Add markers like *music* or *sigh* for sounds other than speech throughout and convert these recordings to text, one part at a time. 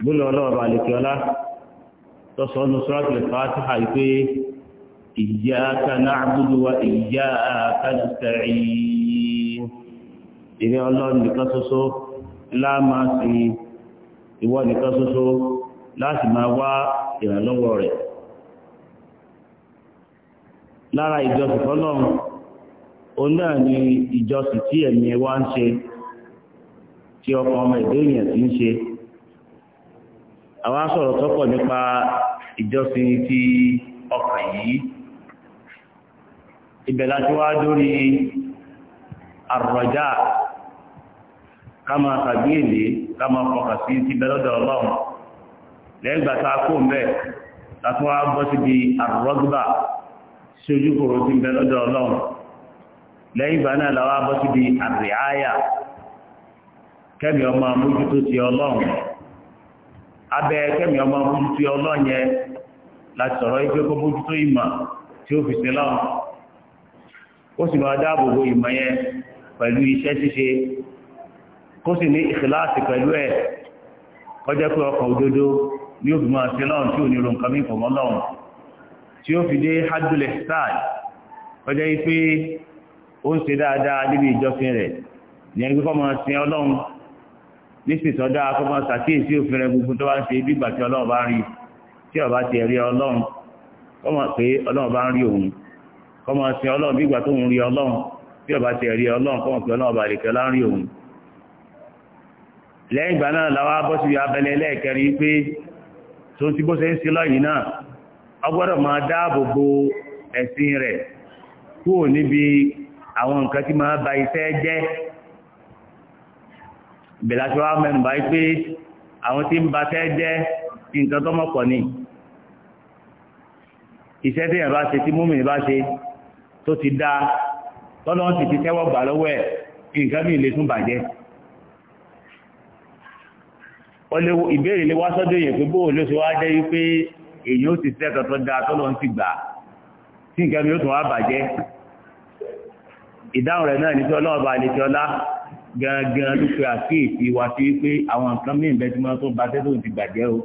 gbólọ̀ ọlọ́ọ̀rọ̀ àlèkíọ́lá tọ́sọ̀ ọ́nù suratul Fatiha pé iyyaka na'budu wa iyyaka nasta'in ìrẹ́ ọlọ́run nìkan ṣoṣo lára ìjọsìn fọ́lọ́run òun ni ìjọsìn tí ẹ̀mí wa ń ṣe tí ọkọ̀ ọmọ ìdóyìn ẹ̀ ti ń ṣe àwa sọ̀rọ̀ tọ́pọ̀ nípa ìjọsìn ti ọkàn yìí ibẹ̀ láti àrọ̀já kama tàbí èlé kama fọkà sí ti bẹ́lọ́dọ̀ ọlọ́run lẹ́gbàta kó mẹ́ láti wá bọ́ sí di àrọ̀gbà sí ojúkòrò ti bẹ́lọ́dọ̀ ọlọ́run lẹ́yìn ìgbà náà làwá bọ́ sí di àrìáyà kẹ́mi ọmọ amójútó ti ọlọ́run abẹ́ ọmọ bójútó ọlọ́yẹn láti sọ̀rọ̀ ife kó bójútó ìmọ̀ tí ó fi sí lọ́wọ́ ó sì máa dáàbò ìmọ̀ yẹn pẹ̀lú iṣẹ́ ṣíṣe kó sì ní ìkìláàsì pẹ̀lú ẹ̀ kọjá pé ọkọ̀ òdodo ní fi máa sí lọ́wọ́ tí ò ní ronkan mí fọ̀mọ́ tí ó fi dé nísìsiyìí sọ́dọ̀ akọ́mọ sàkíyèsí òfin rẹ gbogbo tó bá ń ṣe bí ìgbà tí ọlọ́run bá ń rí tí ọba ti rí ọlọ́run kọ́mọ pé ọlọ́run bá ń rí òun kọ́mọ sin ọlọ́run bí ìgbà tó ń rí ọlọ́run tí ọba ti rí ọlọ́run kọ́mọ pé ọlọ́run bá lè kẹ́ láń rí òun. lẹ́yìn ìgbà náà làwọn abọ́sí abẹ́lẹ́ ẹlẹ́ẹ̀kẹrin pé tó ti bó ṣe ń ṣe lọ́yìn náà ọgbọ́dọ̀ bo ẹ̀sìn rẹ̀ kúrò níbi àwọn nǹkan bẹ̀láṣọ́ wa mẹ́nu báyìí pé àwọn tí ń ba tẹ́ jẹ́ nǹkan tó mọ̀pọ̀ ni iṣẹ́ tí yẹn bá ṣe tí múmi bá ṣe tó ti dá tọ́lọ́ ti ti tẹ́wọ́ gbà lọ́wọ́ ẹ̀ nǹkan mi lè tún bàjẹ́ ìbéèrè lè wá sọ́dọ̀ èèyàn pé ìdáhùn rẹ̀ náà ní tí ọlọ́ọ̀bà àlejò ọlá gangan ló pe àkíyèsí wa sí pé àwọn nǹkan mí ìbẹ́ tí wọ́n tó ba tẹ́tò ti bàjẹ́ o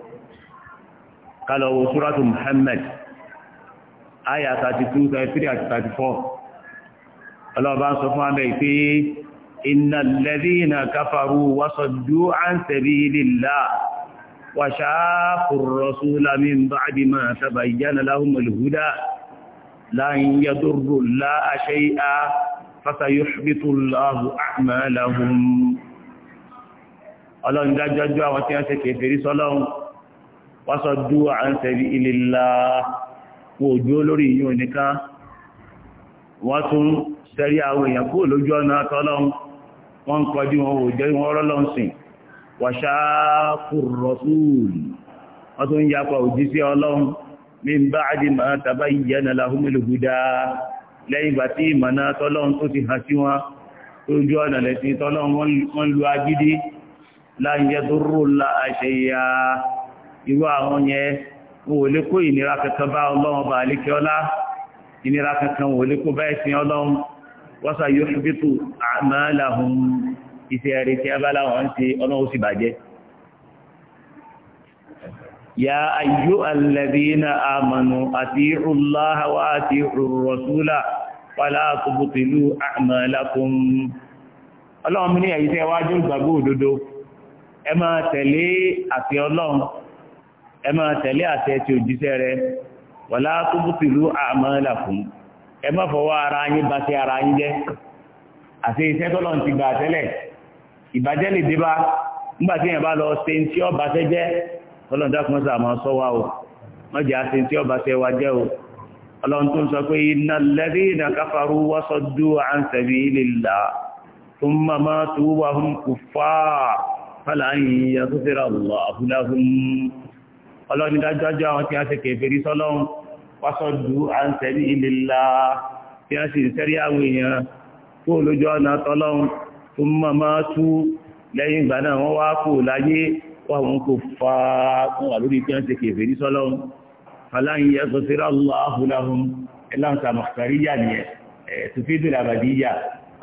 ká lọ wo súrátù Muhammad àyà thirty two thirty three àti thirty four ọlọ́ọ̀bá ń sọ fún abẹ́ pé iná lẹ́dí iná káfàrú wàsọ̀dú an sabilillah wà ṣáàkùrọ̀sù lámín bá فسيحبط الله أعمالهم ọlọ́run dájọ́jọ́ àwọn tí wọ́n ṣe kèfèrí sọ́lọ́run wọ́n sọ dú à ń tẹ̀lé ilé la kó ojú olórí yìí ò nìkan wọ́n tún tẹ̀lé àwọn èèyàn kó lójú ọ̀nà tọ́lọ́run wọ́n lẹ́yìn ìgbà tí ìmọ̀nà tọ́lọ́run tó ti hàn sí wọn lójú ọ̀nà lẹ́sìn tọ́lọ́run wọ́n lu agídí láyé tó rò la àṣeyà irú àwọn yẹn wọn ò lè kó ìnira kankan bá ọlọ́run bá àlékè ọlá ìnira kankan wọn lè kó bá ẹ̀sìn ọlọ́run wọ́n yóò ṣubítù àmàlàhùn iṣẹ́ rẹ̀ tí a bá láwọn ṣe ọlọ́run sì bàjẹ́. يا أيها الذين آمنوا أطيعوا الله وأطيعوا الرسول wàlá tubutilu a'malakum ọlọ́run mi ní ẹ̀yí tẹ́ wájú ìgbàgbọ́ òdodo ẹ máa tẹ̀lé àti ọlọ́run ẹ máa tẹ̀lé àti ẹtì òjíṣẹ́ rẹ wàlá tubutilu a'malakum ẹ má fọwọ́ ara yín bà sí ara yín jẹ́ àti iṣẹ́ tọ́lọ́run ti gbà tẹ́lẹ̀ ìbàjẹ́ lè dé bá nígbà tí bá lọ ṣe ń tí ọba ṣẹ́ jẹ́ ọlọ́run dákun sàmọ́ sọ́wọ́ o wọ́n jẹ́ ọlọ́run tó ń sọ pé innal ladhina kafaru wa saddu an sabilillah thumma matu wa hum kuffar falan yaghfira Allahu lahum ọlọ́run dájọ́jọ́ àwọn tí a ṣe kèfèrí sọ́lọ́run wa saddu an sabilillah tí a lẹ́yìn ìgbà náà wọ́n wá kò láyé wọ́n kò fa wọ́n wà lórí pé wọ́n ṣe kèfèrí sọ́lọ́run fàláyìn yẹ sọ́síra aláhùláhùn ẹláǹsà mọ̀kàríyà ni ẹ̀ tùfídìrì àbàdíyà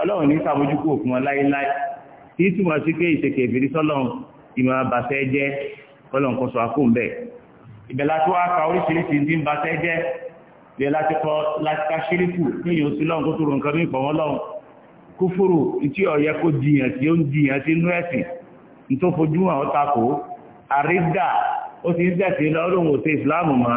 ọlọ́run ní sàmójúkú òfin wọn láíláí tí túmọ̀ sí pé ìṣèkè ìbírí sọ́lọ́run ìmọ̀ àbàṣẹ́ jẹ́ kọ́lọ̀ nǹkan sọ àkóhùn bẹ́ẹ̀ ìbẹ̀lá tó wá ka oríṣiríṣi ní ń bàṣẹ́ jẹ́ bẹ́ẹ̀ láti kọ́ láti ká ṣíríkù níyàn sí lọ́run kó tó ro nǹkan ní ìpọ̀ wọn lọ́run kúfúrù tí ọ̀yẹ́ kó dìyàn tí ó ń dìyàn sí inú ẹ̀sìn ní tó fojú hàn ọ́ takò àrídà ó ti ń tẹ̀sí lọ́rùn òṣè ìsìláàmù mọ́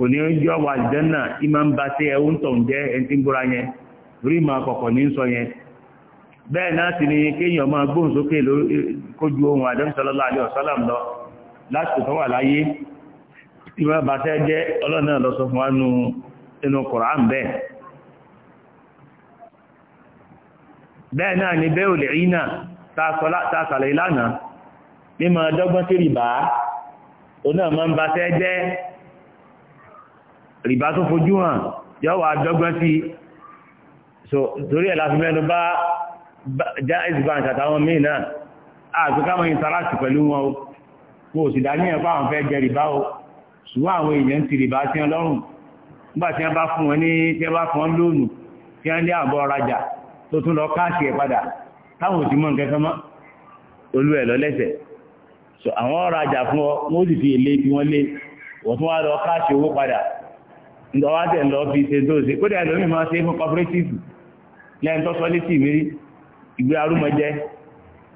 kò ní jọ wà jẹ́nà ìmọ̀ ń bá tí ẹ ń tọ̀ ń jẹ́ ẹni tí ń búra yẹn rí ma kọ̀kọ̀ ní sọ yẹn bẹ́ẹ̀ náà sì ni kéèyàn máa gbóhùn sókè kójú ohun Ànábì sallallahu alaihi wasallam lọ láti tó wà láyé ìmọ̀ bá tẹ́ jẹ́ ọlọ́nà lọ sọ fún wa nínú Kùránì ni bẹ́ẹ̀ olè ìnà tààsàlẹ̀ ìlànà rìbá tó fojú hàn yọ dọ́gbọ́n sí so torí ẹ̀ láti mẹ́nu bá Jaiz Bank àtàwọn míì náà àti káwọn interact pẹ̀lú wọn o kò sì dá níyàn fáwọn fẹ́ jẹ rìbá o ṣùgbọ́n àwọn èèyàn ti rìbá sí ọlọ́run nígbà tí wọ́n bá fún wọn ní tí wọ́n bá fún so àwọn rajà fún ọ wọ́n sì fi èlé tí wọ́n wá lọ káàṣì owó padà ìdọ̀wà tẹ̀ lọ fi ṣe tó ṣe kódà ẹlòmí máa ṣe fún cooperative lẹ́yìn tó sọlé sí ìmírí ìgbé arúmọjẹ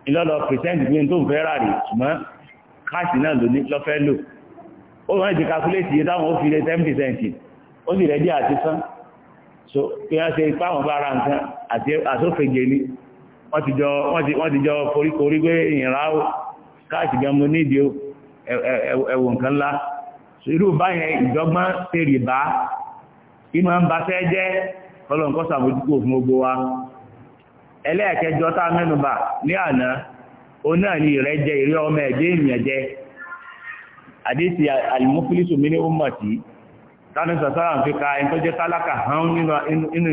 ìlọ́lọ percent gbé tó ń fẹ́ rà rè ṣùgbọ́n káàsì náà ló ní lọ́fẹ́ lò ó wọ́n ti calculate iye táwọn ó fi lé ten percent ó sì rẹ̀ dí àti sán so pé wọ́n ṣe ipá wọn bá ra nǹkan àti àsófèjè ni wọ́n ti jọ foríkorí pé ìyìnrà káàsì gan mo nídìí ẹ̀wọ̀n nǹkan ńlá irú báyẹn ìdọ́gbọ́n tèrè bá ìmọ̀ ń ba fẹ́ jẹ́ ọlọ́nkọ́ sàmójúkò fún wa ẹlẹ́ẹ̀kẹjọ tá mẹ́nubà ní àná náà ni ìrẹ́jẹ ìrẹ́ ọmọ ẹ̀dẹ́ ènìyàn jẹ àdéhìsì àlùmọ́fílísù mi ní ọmọtì tánú sàtàrà fi ka ẹni tó jẹ́ tálákà nínú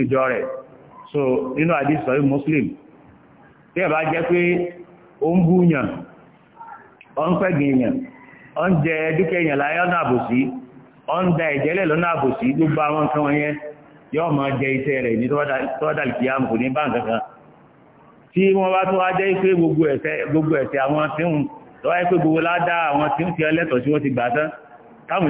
so nínú àdéhìsì muslim tí bá jẹ́ pé ó ń bú ọ ń jẹ dúkẹ́ èèyàn láyé ọ̀nà àbòsí ọ ń da ìjẹ́lẹ̀ lọ́nà àbòsí gbogbo àwọn nǹkan wọn yẹn yóò máa jẹ iṣẹ́ rẹ̀ ní tọ́wọ́dà kìíyàmù kò ní bá nǹkan kan tí wọ́n bá tó wá jẹ́ pé gbogbo ẹ̀ṣẹ̀ àwọn tí ń tọ́wọ́ pé gbogbo ládá àwọn tí ń fi ẹlẹ́tọ̀ tí wọ́n ti gbà tán táwọn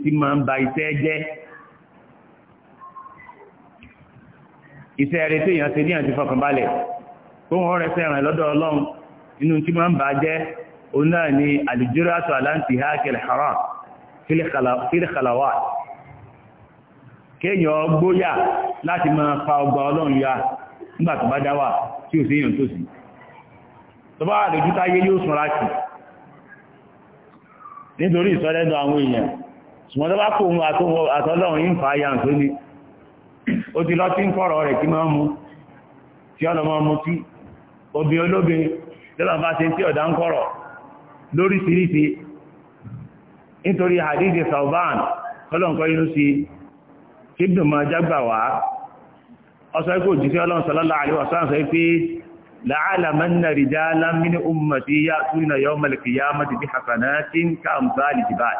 èèyàn iṣẹ́ rẹ̀ tí èèyàn ti ní àti fọkànbalẹ̀ tó wọ́n rẹ̀ fẹ́ràn lọ́dọ̀ ọlọ́run inú tí máa ń bá jẹ́ òun náà ni àlùjúrátù aláǹtì hákẹ̀lẹ̀ haram fílìkàlàwà kéèyàn gbóyà láti máa fa ọgbà ọlọ́run ya nígbà tó bá dáwà tí odi lọ tí ń kọ́rọ̀ rẹ̀ kí máa mú tí ọ̀nà máa mú tí obìn olóbin lọ́nà bá ṣe tí ọ̀dá ń kọ́rọ̀ lóríṣiríṣi nítorí hadith Sauban kọ́lọ̀nkọ́ inú sí kíbdùn máa jágbà wá ọsọ ikú òjíṣẹ́ ọlọ́run sallallahu alaihi wasallam sọ pé la'alamanna rijalan min ummati ya'tuna yawmal qiyamati bi hasanatin ka amsali jibal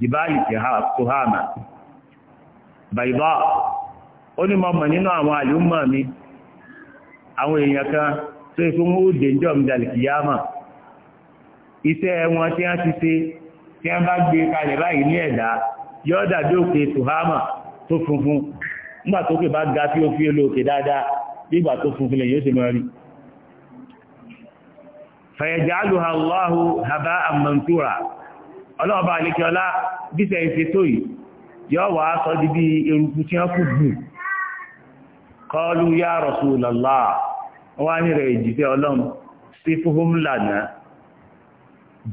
jibal ó ní mọ́mọ̀ nínú àwọn àlúmọ̀ mi àwọn èèyàn kan tó ikú mú dèjọ́ ìdàlìkìyàmà iṣẹ́ wọn tí a ti ṣe tí a bá gbé kalẹ̀ báyìí ní ẹ̀dá yóò dàbí òkè tùhámà tó funfun nígbà tó kè bá ga tí ó fi olóòkè dáadáa nígbà tó funfun lè yóò ṣe mọ́ rí fayajaluha Allahu kọlu ya Rasulullah wọ́n ní rẹ̀ ìjìtẹ́ ọlọ́run sí fúhùm lànà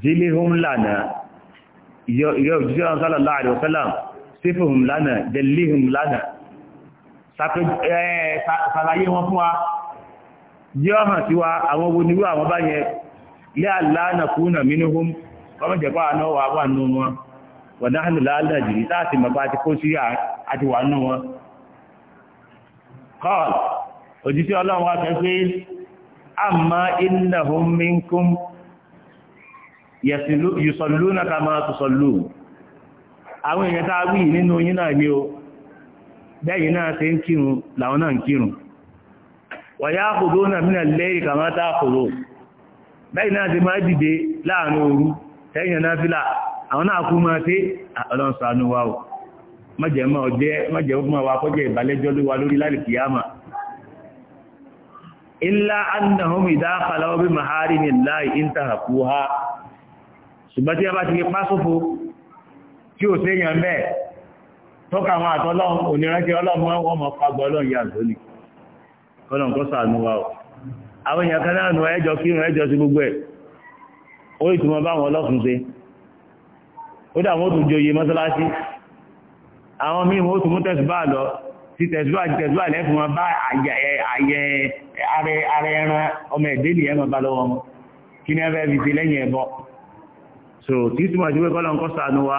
jílihùm lànà ìyọ́ òjíṣẹ́ ọlọ́run sallallahu alaihi wasallam sí fúhùm lànà jẹ́líhùm lànà sàlàyé wọn fún wa jẹ́ ọ̀hàn sí wa àwọn ogun níwú àwọn bá yẹn lé àlànà kúnà mínúhùm kọ́mọ̀jẹ̀pá àná wà wà nù wọn قال òjíṣẹ́ الله wá sọ pé منكم innahum minkum yusalluna kama tusallun àwọn èèyàn tàà wí nínú yín náà ní o bẹ́yìn náà ṣe ń kírun làwọn náà ń kírun wa ya'khuduna min al-layli kama ta'khudun bẹ́yìn náà ti máa dìde láàrin òru tẹ́yìn náà fílà àwọn náà kú máa tẹ́ ah, ọlọ́run ṣàánú mọ́jẹ̀mọ́ ọjẹ́ mọ́jẹ̀mọ́ wa kọjẹ́ ìbálẹ́jọ́ ló wa lórí láti kìyàmà ilá annahum ìdákalá ọbí mahari ni láì ìntàhàkú ha ṣùgbọ́n tí a bá ti pá sófo tí ò séyàn mẹ́ tọ́ka àwọn àtọ́lọ́run oníránṣẹ́ ọlọ́run wọ́n mọ̀ fagbọ́ ọlọ́run yà lónìí kọ́lọ̀ nǹkan sàánú wa o àwọn èèyàn kan náà nù ẹjọ́ kírun ẹjọ́ sí gbogbo ẹ̀ ó ìtumọ̀ báwọn àwọn mímọ̀ ó tún mú tẹ̀sùbá lọ sí tẹ̀sùbá àti tẹ̀sùbá lẹ́fún wọn bá àyẹ ààrẹ ẹran ọmọ ẹ̀dẹ́ ni ẹmọ bá lọ́wọ́ wọn kí ní ẹfẹ́ fi fi lẹ́yìn ẹ̀bọ so tí túmọ̀ sí pé kọ́lọ̀ ń kọ́ sànú wa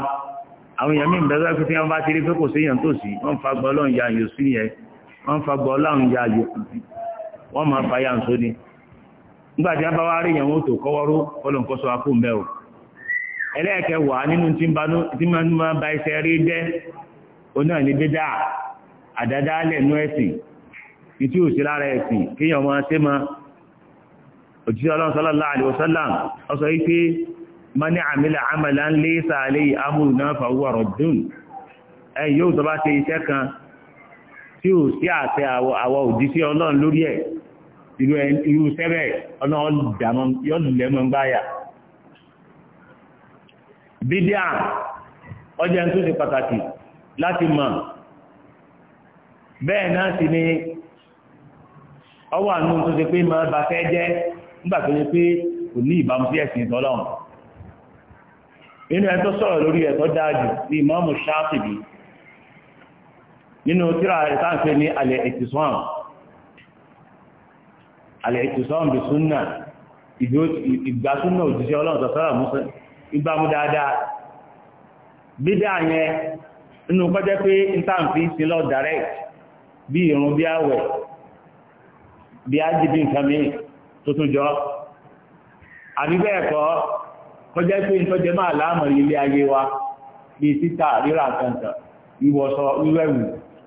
àwọn èèyàn mí bẹ̀rẹ̀ fífi wọn bá ti rí pé kò sí èèyàn tó sí wọ́n fa gbọ́ ọlọ́run ya àyò sí yẹn wọ́n ni nígbà tí a ẹlẹ́ẹ̀kẹ́ wà nínú tí máa ń ba iṣẹ́ rí jẹ́ onáà ní bídá àdádálẹ̀ nú ẹ̀sìn ìtí ò sí lára ẹ̀sìn kíyàn máa ṣe ma òjíṣẹ́ ọlọ́run sallallahu alaihi wasallam ọsọ yí pé mani amila amalan laysa alayhi amruna fa huwa raddun ẹ yóò tọ́ bá ṣe iṣẹ́ kan tí ò sí àṣẹ lórí ẹ̀ irú sẹ́bẹ̀ ọlọ́run yọ́ lẹ́mọ̀ ń báyà bídíà ọjọ́ tó ṣe pàtàkì láti mọ̀ bẹ́ẹ̀ náà sì ni ọwọ́ àánú tó ṣe pé máa bá fẹ́ jẹ́ nígbà tó ṣe pé kò ní ìbámu sí ẹ̀sìn ìtọ́lọ́run nínú ẹ̀tọ́ sọ̀rọ̀ lórí ẹ̀tọ́ dáájú ní Imamu Ṣáfi'í nínú tíra rẹ̀ táǹfẹ́ ní al-i'tisam al-i'tisam bí súnnà ìgbà súnnà òjíṣẹ́ Ọlọ́run sọ̀rọ̀ mú ìgbàmú dáadáa inú kọjẹ́ pé ìtàǹfí sí lọ direct bí irun bí àwẹ̀ bí ájìbí nǹkan mi tó tún jọ àbí bẹ́ẹ̀ kọ́ kọjẹ́ pé ìtọ́jẹ́ máa láàmọ̀ ilé ayé wa bí títà rírà kankan ìwọ̀sọ wíwẹ̀wù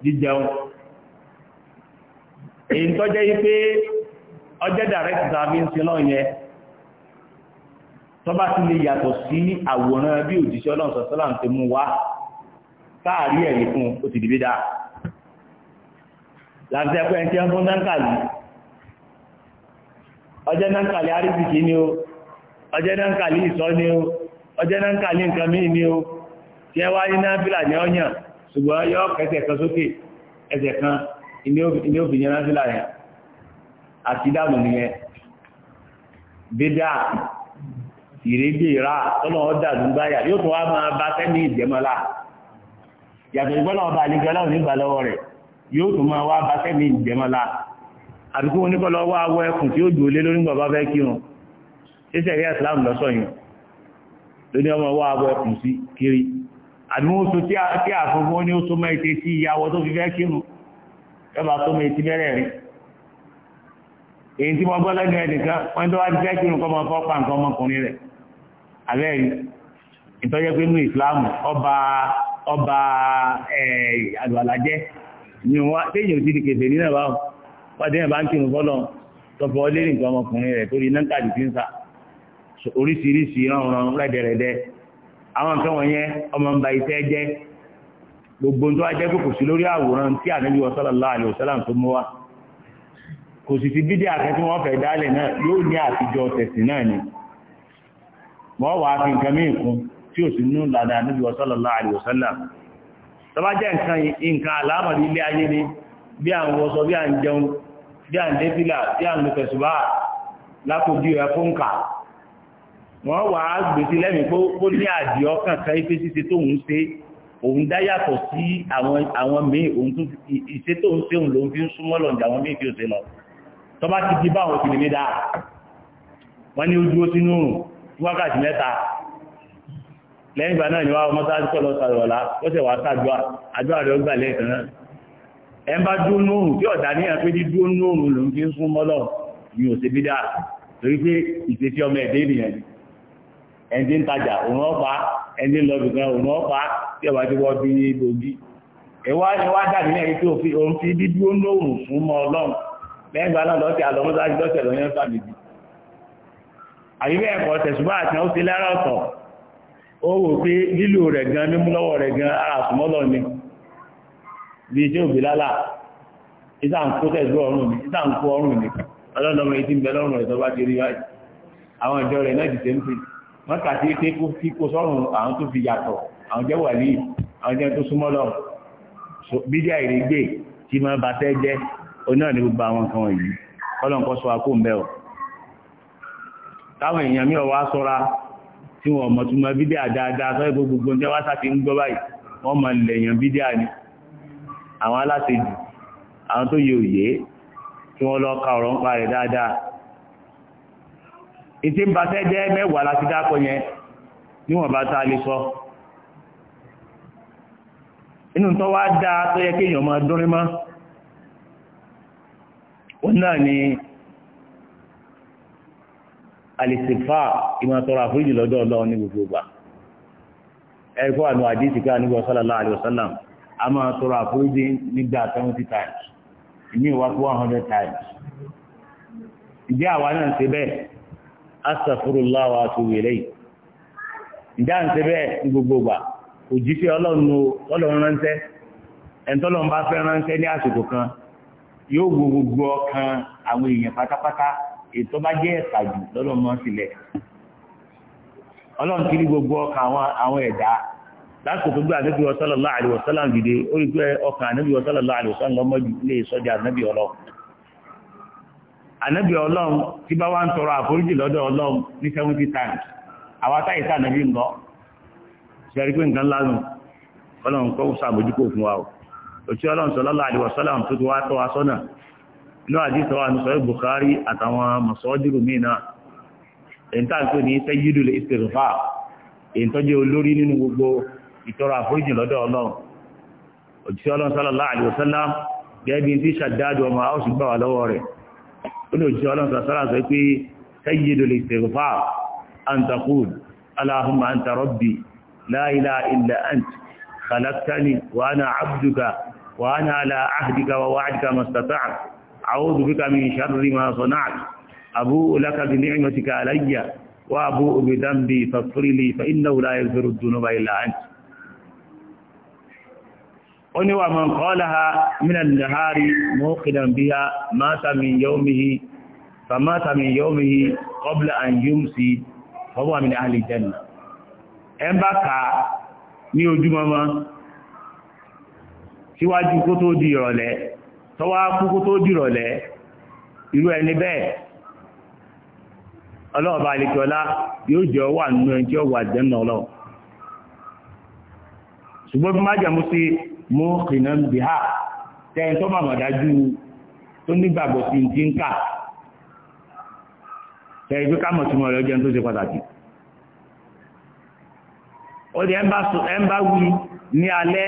jíjẹun èyí tọ́jẹ́ yí pé ọjẹ́ direct tàbí ń sí lọ́ọ̀ yẹn tọ́bá ti lè yàtọ̀ sí àwòrán bí òjíṣẹ́ ọlọ́run sọ̀sọ́lá ń ti mú wá káàrí ẹ̀rí fún ó ti dìbí dáa láti ẹ̀kọ́ ẹni tí wọ́n fún náǹkàlì ọjọ́ náǹkàlì àríbìkì ni ó ọjọ́ náǹkàlì ìsọ́ ni ó ọjọ́ náǹkàlì nǹkan míì ni ó tí ẹ wá ní náàfílà ní ọyàn ṣùgbọ́n yọ kẹsẹ̀ kan sókè ẹsẹ̀ kan ilé òfin yẹn náàfílà yẹn àti dáàmù nìyẹn yóò tún wá máa bá sẹ́ni ìjẹ́mọ́lá yàtọ̀ ìgbọ́nà ọba àlejò ọlọ́run nígbà lọ́wọ́ rẹ̀ yóò tún máa wá bá sẹ́mi ìjẹmọ́lá àbíkú oníkọ́lọ́ wá wọ ẹkùn tí ó jù lé lórí bàbá fẹ́ kírun ṣíṣẹ́ rí àsìláàmù lọ́sọ̀ yìí kiri àbí wọ́n so tí àfọ́fọ́ ní ó so mọ́ ètè sí ìyàwó tó fi fẹ́ kírun ẹbà tó mọ́ ètè bẹ́rẹ̀ rí èyí tí mo gbọ́ lẹ́nu ẹnìkan wọ́n tó wá ti fẹ́ kírun ìtọ́jẹ́ pé nínú ìsìláàmù ọba ọba àlùwàlájẹ́ ni wọ́n téèyàn ò ti di kèfè nínú ẹ̀bá wọ́n téèyàn bá ń kírun fọ́lọ́ tọ́fọ́ lérí nǹkan ọmọkùnrin rẹ̀ torí náà tàbí fi ń sà oríṣiríṣi ránran rẹ́dẹ̀rẹ́dẹ́ àwọn nǹkan wọ̀nyẹn ọmọ ń ba iṣẹ́ jẹ́ gbogbo tó wá jẹ́ pé kò sí lórí àwòrán tí ànábì sallallahu alaihi wasallam tó mú wa kò sì ti bídí àkẹ́ tí wọ́n fẹ́ dálẹ̀ náà yóò ní àtijọ́ tẹ̀sìn náà ni wọ́n wàá fi nǹkan míì kún tí ò sí nú lànà Ànábì sallallahu alaihi wasallam tọba jẹ́ nǹkan àlámọ̀rí ilé ayé ni bí à ń wọṣọ bí à ń jẹun bí à ń débìlà bí à ń lo tẹ̀sùbá lápòjú ẹ fún kà wọ́n wà á gbèsè lẹ́mìí pé ó ní àdì ọkàn kan ife ṣíṣe tó ń ṣe òun dá yàtọ̀ sí àwọn míì òun tún ìṣe tó ń ṣe òun lòun fi ń súnmọ́ lọ́njà àwọn míì fi ò ṣe lẹ́yìn ìgbà náà ni wá ọmọ sáájú pẹ̀lú ọ̀sàrọ̀lá lọ́sẹ̀ wá sáàjúwà àjúwà rẹ̀ ọgbà lẹ́ẹ̀kan náà ẹ bá dúró nóòrùn tí ọ̀dà ní àpé ní dúró nóòrùn ló ń fi ń fún mọ́lọ̀ ní òsè bídà torí pé ìfèsí ọmọ ẹ̀dẹ́ ènìyàn ni ẹni ń tajà òun ọ̀pá ẹni ń lọ bìkan òun ọ̀pá tí ọba ti wọ́ bí gbòógì ẹwà ẹwà dàbí náà tí òun fi bí dúró nóòrùn fún mọ́ ọlọ́run lẹ́yìn ìgbà náà lọ́sẹ̀ àlọ́mọ́sáájú lọ́sẹ̀ lọ́yẹ́ fàmìlì àyíbẹ̀ ẹ̀kọ́ tẹ̀sùbá àti ó ti ọ̀tọ̀ ó wò pé lílò rẹ̀ gan mímú lọ́wọ́ rẹ̀ gan ara àtúmọ́lọ́ ni bí iṣẹ́ òbí lálà ìta ń kó tẹ̀sí ọrùn ni ìta ń kó ọrùn ni ọlọ́dọ̀mọ etí ń bẹ lọ́rùn rẹ̀ tó bá ti rí báyìí àwọn ìjọ rẹ̀ náà ti ṣe ń fi wọ́n kà sí pé kí kó sọ́rùn àwọn tó fi yàtọ̀ àwọn jẹ́ wà líì àwọn jẹ́ tó súnmọ́ lọ bídíà ìrìngbè tí máa bá tẹ́ jẹ́ onáà ní gbogbo àwọn nǹkan wọ̀nyí kọ́lọ́nkọ́ sọ akó ń bẹ́ ọ̀ táwọn èèyàn mi ò wá sọ́ra tí wọ́n mọ̀ túnmọ̀ bídíà dáadáa sọ́yẹ́ gbogbo jẹ́ wá sáti ń gbọ́ báyìí wọ́n mọ̀ lẹ̀yàn bídíà ni àwọn aláṣejù àwọn tó yẹ òye tí wọ́n lọ ka ọ̀rọ̀ ń pa rẹ̀ dáadáa ìtí ń batẹ́ jẹ́ mẹ́wàá láti dákọ̀ yẹn níwọ̀n bá tá a lè sọ inú tó wá dáa tó yẹ kéèyàn máa dúnrín mọ́ alìsìfà ìmọ̀tọ́rọ̀ àforíjì lọ́dọ̀ ọlọ́run ní gbogbo ìgbà ẹ̀kọ́ àánú àdìsí ká nígbà sallallahu alaihi a máa tọrọ àforíjì nígbà seventy times ìmí ìwà fún times ìjẹ́ àwa náà ṣe bẹ́ẹ̀ astaghfirullah wa atubu ṣe bẹ́ẹ̀ gbogbo ètò bá jẹ́ ẹ̀ka jù lọ́lọ́run mọ́ kiri gbogbo ọkàn àwọn ẹ̀dá lásìkò gbé ànábì sallallahu alaihi wasallam dìde ó rí pé ọkàn ànábì sallallahu wasallam lọ́mọ lè sọ́jà ànábì ọlọ́run ànábì ọlọ́run tí bá wá tọrọ àforíjì lọ́dọ̀ ní sẹ́rí pé nǹkan lánàá kọ́ fún wa o náà àdísọ́ wa ní sọ́yọ́ Bukhari àtàwọn masọ́júrù mìíràn èyí tá à ń pè ní sẹ́yídù ìsìrìfà èyí tó jẹ́ olórí nínú gbogbo ìtọrọ àforíjì lọ́dọ̀ ọlọ́run òjíṣẹ́ ọlọ́run sallallahu alaihi wasallam gẹ́gẹ́ bí ṣàdájú ọmọ áwọ̀sùn gbà wà lọ́wọ́ rẹ̀ ó ní òjíṣẹ́ ọlọ́run sàṣàrà sọ pé sẹ́yídù ìsìrìfà àǹtakùn aláhùnmá anta rabbi la ilaha illa anta khalaqtani wa ana ala ahdika wa wa'dika mastata'tu a'udhu bika min sharri ma sana'tu abu'u laka bi ni'matika alayya wa abu'u bi dhanbi faghfir li fa innahu la yaghfiru dhunuba illa anta ó ní wà mọ̀ kọ́láha mínàlìhárì mọ́kìdàn bí a máta mi yọ́mìí kọ́blá àn yóò sí ọwọ́ àmì àhàlì jẹ́nà ẹn bá ká ojúmọmọ síwájú kó tó di ìrọ̀lẹ́ tọ́wọ́ kúkú tó dìrọ̀lẹ́ irú ẹni bẹ́ẹ̀ ọlọ́ọ̀bá alìkọ́lá yóò jẹ́ wà nínú ẹni tí ó wà jẹ́ náà lọ ṣùgbọ́n bí májàmú sí mú kìnnà bí ha tẹ́yìn tó bàmọ̀ dájú tó nígbàgbọ́ sí ti ń kà tẹ́yìn pé ká mọ̀ sí mọ̀ rẹ̀ jẹun tó ṣe pàtàkì ó di ẹ̀ ń bá wí ní alẹ́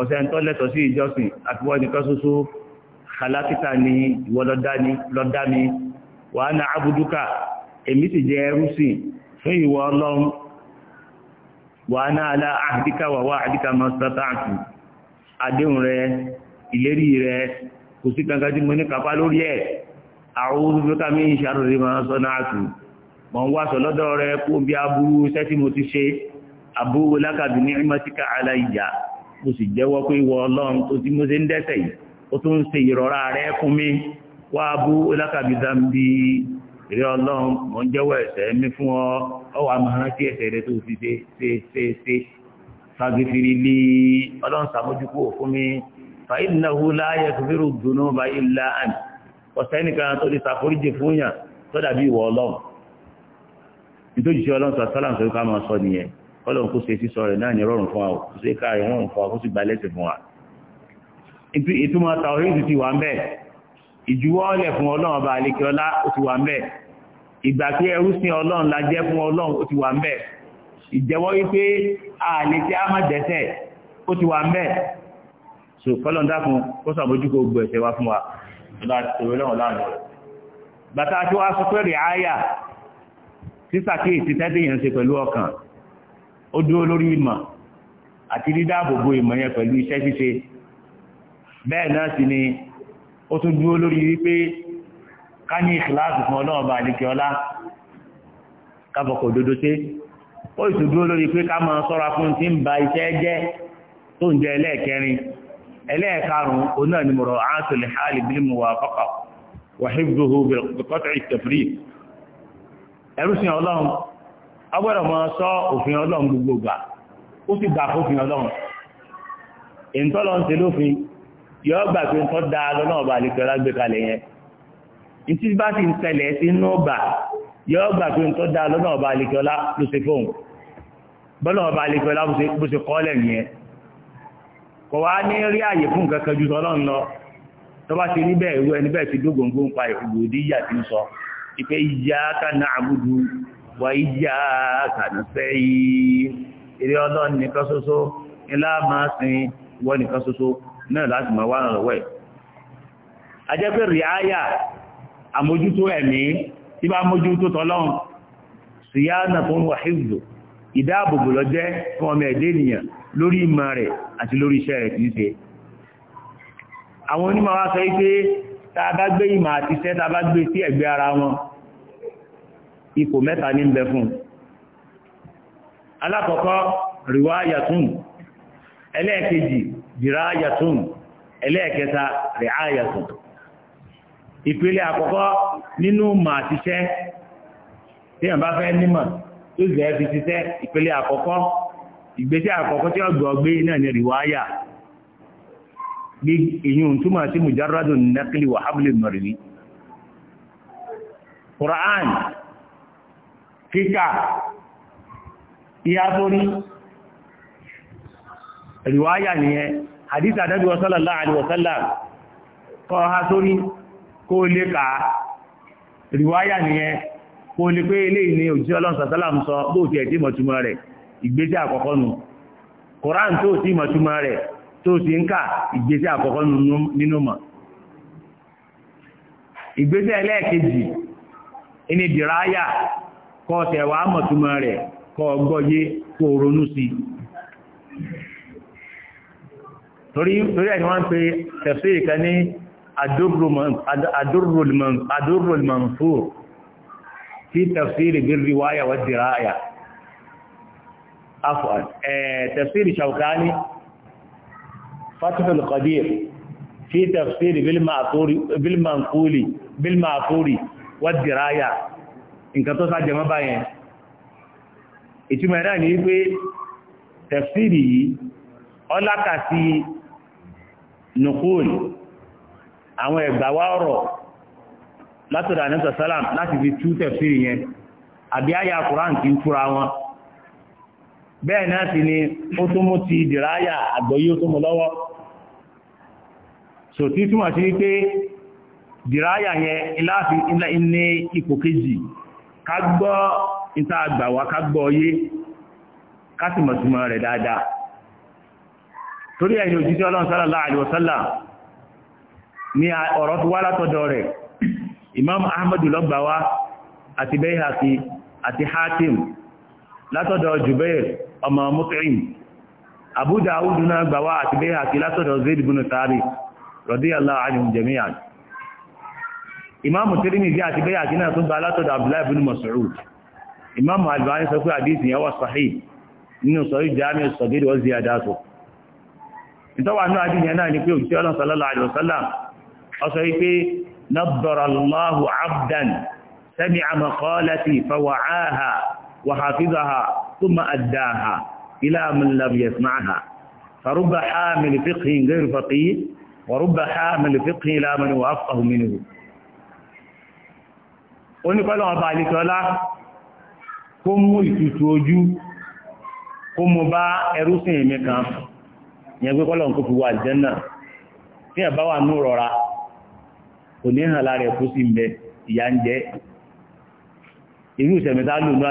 ọ̀sẹ̀ ń tọ́ lẹ́tọ̀ sí ìjọsìn àtiwọ́ nìkan ṣoṣo kàlákítà ni ìwọ lọ́dá mi wà á na abúdúkà èmi sì jẹ ẹrú sí fún ìwọ ọlọ́run wà á na alá àdíkà wà wá àdíkà mọ́sátàtù àdéhùn rẹ ìlérí rẹ kò sí kankan tí mo ní kápá mo sì jẹ́wọ́ pé ìwọ ọlọ́run tó ti mo ṣe ń dẹ́ṣẹ̀ yìí ó ń ìrọ̀rá rẹ fún mi wá bú ọlọ́run jẹ́wọ́ mi fún ọ ọwọ́ amọ̀ràn sí ẹ̀ṣẹ̀ rẹ tó ti ṣe ṣe ṣe ṣe fagifiri ọlọ́run sàmójúkú fún mi láàyè dùnú ọ̀sẹ̀ nìkan tó lè fún yàn tó dàbí ìwọ ọlọ́run nítorí ọlọ́run kó ṣe sísọ rẹ̀ náà ní rọrùn fún wa ò kó ṣe ká rẹ̀ rọrùn fún wa kó sì gba lẹ́sẹ̀ fún wa ìtumọ̀ tàwíìsì ti wà ń bẹ̀ ìjuwọ́lẹ̀ fún ọlọ́run ọba àlekíọlá ó ti wà ń bẹ̀ ìgbà tí ẹrú sin ọlọ́run la jẹ́ fún ọlọ́run ó ti wà ń bẹ̀ ìjẹ́wọ́ wípé ààlè tí a má dẹ́ṣẹ̀ ó ti wà ń bẹ̀ so fọ́lọ́n dákun kó sàmójúkò gbọ́ ẹ̀ṣẹ̀ wa fún wa bàtà tí wọ́n á sọ pé rí àáyà sísàkíyèsí tẹ́tẹ̀yàn ṣe pẹ̀lú ọkàn ó dúró lórí ìmọ̀ àti dídáàbòbò ìmọ̀ yẹn pẹ̀lú iṣẹ́ ṣíṣe bẹ́ẹ̀ náà sì ni ó tún dúró lórí wípé ká ní ìkìláàsì fún ọlọ́ọ̀bà àdìkẹ́ ọlá kábọ̀kọ̀ òdodo ṣe ó sì dúró lórí pé ká máa sọ́ra fún ti ń ba iṣẹ́ jẹ́ tó ń jẹ ẹlẹ́ẹ̀kẹrin ẹlẹ́ẹ̀karùn-ún òun náà ni mọ̀rọ̀ áńsọ̀lẹ̀ hálì bí mo wà fọ́kà wàhíbùdóhù bẹ̀kọ́tà ìtẹ̀fìrí ẹrú sí ọlọ́run agbọ́dọ̀ mọ sọ òfin ọlọ́run gbogbo gbà ó sì gbà fófin ọlọ́run èntọ́ lọ ń ṣe lófin yọ gbà pé ń tọ́ da lọ́nà ọba àlejò alágbé kalẹ̀ yẹn ìtí bá ti ń tẹ̀lẹ̀ sí inú ọgbà yọ gbà pé ń tọ́ da lọ́nà ọba àlejò ọlá ló ṣe fóun bọ́lá ọba àlejò ọlá bó ṣe kọ́ lẹ̀ yẹn kò wá ní rí àyè fún nǹkan ju tọ́lọ́run lọ tó bá ti rí bẹ́ẹ̀ ẹni bẹ́ẹ̀ ti dógóńgó ń pa ìfògbòdì ìyà ti ń sọ ìpè iyyaka na'budu wà ìyá kànáfẹ́ yìí eré ọlọ́run nìkan ṣoṣo ńlá máa sin wọ́n nìkan ṣoṣo náà láti máa wá lọ́wọ́ ẹ̀. ajẹ́pẹ́ rìáyà àmójútó ẹ̀mí tí bá mójútó tọ́lọ́run síyáàna tó ń wà hìzò ìdáàbòbò lọ jẹ́ fún ọmọ ẹ̀dẹ́ ènìyàn lórí ìmọ̀ rẹ̀ àti lórí iṣẹ́ rẹ̀ kìí ṣe àwọn onímọ̀ wá sọ wípé tá a bá gbé ìmọ̀ àti iṣẹ́ tá a bá gbé sí ẹ̀gbẹ́ ara wọn ipò mẹ́ta ní bẹ fún alákọ̀ọ́kọ́ riwayatun ẹlẹ́ẹ̀kejì dirayatun ẹlẹ́ẹ̀kẹta riayatun ìpele àkọ́kọ́ nínú mà àtiṣẹ́ tí wọ́n bá fẹ́ nímọ̀ tó zẹ̀ fi ṣiṣẹ́ ìpele àkọ́kọ́ ìgbésẹ̀ àkọ́kọ́ tí ọgbọ̀ gbé náà ní rìwáyà bí ìyún túmọ̀ sí mujarradun naqli wa hablin marwi Qur'an kíkà ìyá ríwáyà nìyẹn hadith àdábí sallallahu alaihi wasallam kọ́ ha torí kó lè kà ríwáyà nìyẹn kó lè pé ilé ìní òjí ọlọ́nsàtàlám ìgbésẹ̀ koran igbesi ẹlẹ́ẹ̀kejì dìráyà kọ́ tẹ̀wà mọ̀túnmọ̀ rẹ̀ kọ́ gbọ́yé kó ronú sí torí ẹ̀ ni wọ́n ń pe tẹ̀fẹ́ ìkà ní adúrùlmọ̀fúr tí tẹ̀fẹ́ ìrìbírí wáyà wà tẹ̀fẹ́ ìṣàwùkání fatihul qadir fi tafsir bil ma'quri bil manquli bil nǹkan tó sájẹmọ́ yẹn ìtumọ̀ náà ní wípé yìí ọlákà sí nùkúrì àwọn ẹ̀gbàwá ọ̀rọ̀ látọ̀dọ̀ àníṣà sálàm láti fi tú yẹn àbí àyà kùrán kì wọn bẹ́ẹ̀ náà sì ni ó ti dìráyà àgbọ̀yé ó tó mú lọ́wọ́ sí wípé dìráyà yẹn ilá kejì ká gbọ́ ìta àgbà wa ká gbọ́ yé ká sì mọ̀túnmọ̀ rẹ̀ dáadáa torí ẹ̀yìn òjíṣẹ́ ọlọ́run sallallahu alaihi wasallam ní ọ̀rọ̀ tó wá látọ̀dọ̀ rẹ̀ imam ahmadu lọ́gbàwá àti bayhaqi àti hatim látọ̀dọ̀ jubair ọmọ mut'im abu dawud náà gbàwá ìmáàmù Tirmidhi àti bẹ́yà àti náà tó gba látọ̀dọ̀ Abdullahi ibn Mas'ud ìmáàmù Albani sọ pé àdíìsì yẹn wà sahih nínú sọ̀rí jami sọ̀gẹ́dẹ̀ wọ́n ziyada tó ìtọ́wà náà àdíìsì yẹn náà ni pé òjíṣẹ́ ọlọ́n sallallahu alaihi wasallam ó sọ wípé nadara Allahu abdan sami'a maqalati fawa'aha فرب حامل فقه غير فقيه ورب حامل فقه إلى من وافقه منه onípẹ́lọ̀ ọba àlìkọ́lá kó mú ìtùtù ojú kó mú bá ẹrúsìn èmi kan yẹn pé kọ́lọ̀ kó fi wà onye tí ẹ̀ bá wà ní rọra kò ní hàn lára ẹ̀kú sí mbẹ ìyá ń jẹ́ irú lò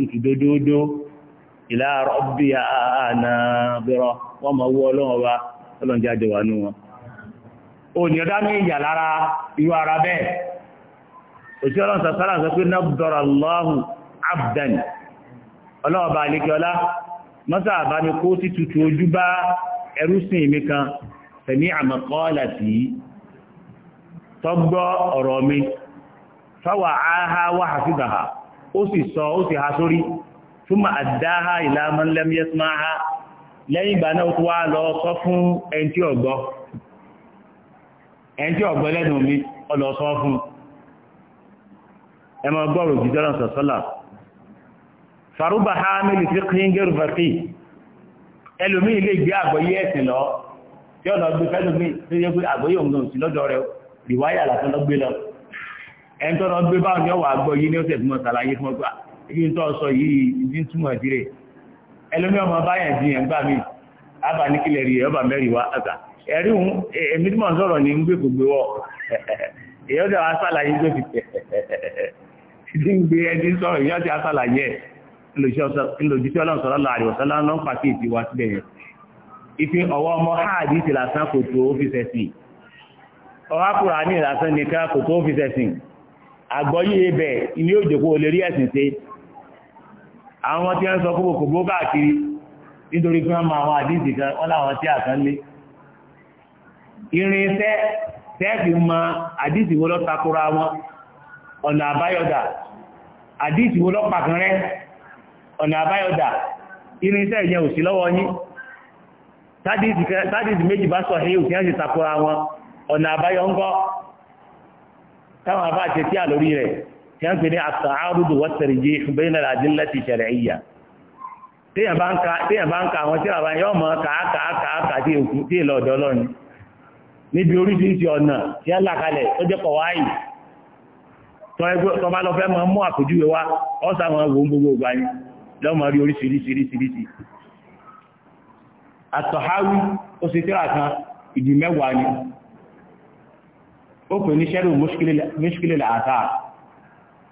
ní nù ohun ìlà rọ́bì ànàbẹ̀rọ wọ́n máa wú ọlọ́run ọba ọlọ́run jáde wà nù wọn òní ọ̀dá ní ìyà lára irú ara bẹ́ẹ̀ òṣìṣẹ́ ọlọ́run sàtàrà sọ pé nabdọ̀rọ̀ lọ́hùn abdan ọlọ́ọ̀bà àlekíọlá mọ́sá àbámi kó sí tutù ojú bá tọ́gbọ́ ọ̀rọ̀ mi fáwà áhá wà hàfíbàhà ó sì sọ ó sì ha sórí túnmà àdáhà ìlàmọ́ lẹ́míẹ́sìmáhà lẹ́yìn ìgbà náà tó wá lọ sọ fún ẹntí ọ̀gbọ́ ẹntí ọ̀gbọ́ lẹ́nu mi ọlọ sọ fún ẹmọ gbọ́rọ̀ òjìjọ́rọ̀ sọ̀sọ́là faruba hamilu ti kín gẹ́rù fàkì ẹlòmí ilé ìgbé àgbọ́yé ẹ̀sìn lọ tí ọ̀nà gbé fẹ́lòmí tó yẹ pé àgbọ́yé òun lòun sí lọ́dọ̀ rẹ̀ rìwáyà làtọ́ lọ́gbé lọ ẹ̀ńtọ́ lọ gbé báwọn ni ọwọ́ àgbọ́yé ní ó sì ẹ̀fún ọ̀sàlàyé fún ọgbà èyí tó sọ yìí ìdí túmọ̀ ìdíre ẹlòmí ọmọ báyàn jiyàn gbà mí àbà ní kílẹ̀ rí ọba mẹ́rin wá àgbà ẹ̀rí òun èmi tí mò ń sọ̀rọ̀ ní ń gbé gbogbo wọ *laughs* èyí ọjà wa sàlàyé tó fi ti *laughs* ń gbé ẹni sọ̀rọ̀ èyí ọjà sàlàyé ńlòjíṣẹ́ ọlọ́run sọ̀rọ̀ láàrin ọ̀sán lánàá ń pàṣẹ ìtì wa síbẹ̀ ìfi ọwọ́ ọmọ háàdì ti lásán kò tó ó fi sẹ̀sìn ọwọ́ kùrà ní ìlàsán nìkan kò tó ó fi sẹ̀sìn àgbọ́yé ibẹ̀ ni ó jòkó rí ẹ̀sìn ṣe àwọn tí wọ́n sọ kó kò bó káàkiri nítorí pé wọ́n àwọn àdíjì kan wọ́n láwọn tí àkán lé irinṣẹ́ tẹ́ẹ̀fì mọ àdíjì wo wọn ọ̀nà àbáyọ̀dà àdíjì wo lọ rẹ ọ̀nà àbáyọ̀dà irinṣẹ́ ìyẹn ò lọ́wọ́ yín méjì tí wọ́n pè ní àtàárùdù wọ́tẹ̀rì jí ìbẹ́nà àdínlẹ̀ ti ṣẹ̀rẹ̀ ìyà téèyàn bá ń ka àwọn tí àwọn yọ́ mọ́ kàákàákàá tí èkú tí èlò ọ̀dọ́ lọ́ni níbi oríṣiríṣi ọ̀nà tí wọ́n là kalẹ̀ tó jẹ́ pọ̀ wáyì tọ́ bá lọ fẹ́ mọ́ mú àpèjúwe wá ọ̀sà wọn wò ń gbogbo ìgbà yín lọ́mọ rí oríṣiríṣiríṣiríṣi àtọ̀háwí ó ṣe tíra kan ìdí mẹ́wàá ni ó pè ní ṣẹ́rù mọ́ṣíkílẹ̀ àtàà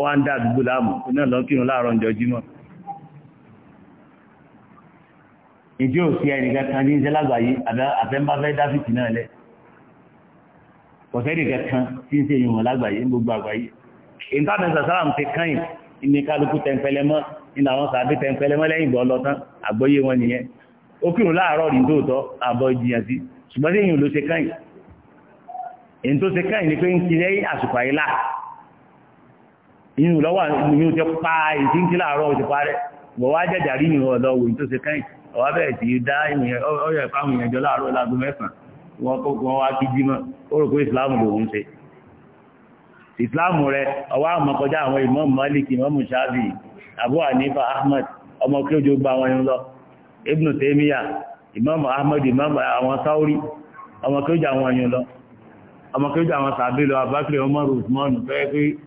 ọwá ń dá àdúgbò láàmù tó náà lọ́kírun láàárọ̀ ọjọ́ jímọ̀ ìdí òsì ẹnìkan kan ní iṣẹ́ lágbàáyé àfẹ́mbáfẹ́ dáfíìtì náà lẹ̀ kọ̀sẹ́ẹ̀dì kankan tí ń ṣe ìwọ̀n lágbàáyé gbogbo àgbáyé ìntánẹ̀tì sàsáràm ti kàn ní kálukú tẹ̀ǹpẹ̀lẹ̀ mọ́ ní àwọn sàbí tẹ̀ǹpẹ̀lẹ̀ mọ́ lẹ́yìn ìgbọ́ lọ́tán àgbọ́yé wọn nìyẹn ó kírun láàárọ̀ rí tóòtọ́ àbọ̀ ìjìyàn sí ṣùgbọ́n tí èèyàn ló ṣe kàn èyí tó ṣe kàn ni pé ń kiri àsùkò àyílá inú lọ́wọ́ yóò ti pa èsì ń kí láàárọ̀ ti parẹ́ wọ́n wá jẹ́jà rí ìrìn ọ̀dọ̀ òyìn tó ṣe kẹ́yìn ọ̀wá bẹ̀rẹ̀ sí dá ọyọ̀ ìpáhùn ìyẹn jọ láàárọ̀ láago mẹ́sàn-án wọn kó wọn wá kí jímọ̀ ó rò pé ìsìláàmù lòun Imam Malik Imam Shafi Abu Hanifa Ahmad ọmọ kí ó jọ àwọn ẹni lọ Ibn Taymiyyah Imam Ahmad Imam àwọn Sauri ọmọ kí ó jọ àwọn ẹni lọ ọmọ kí ó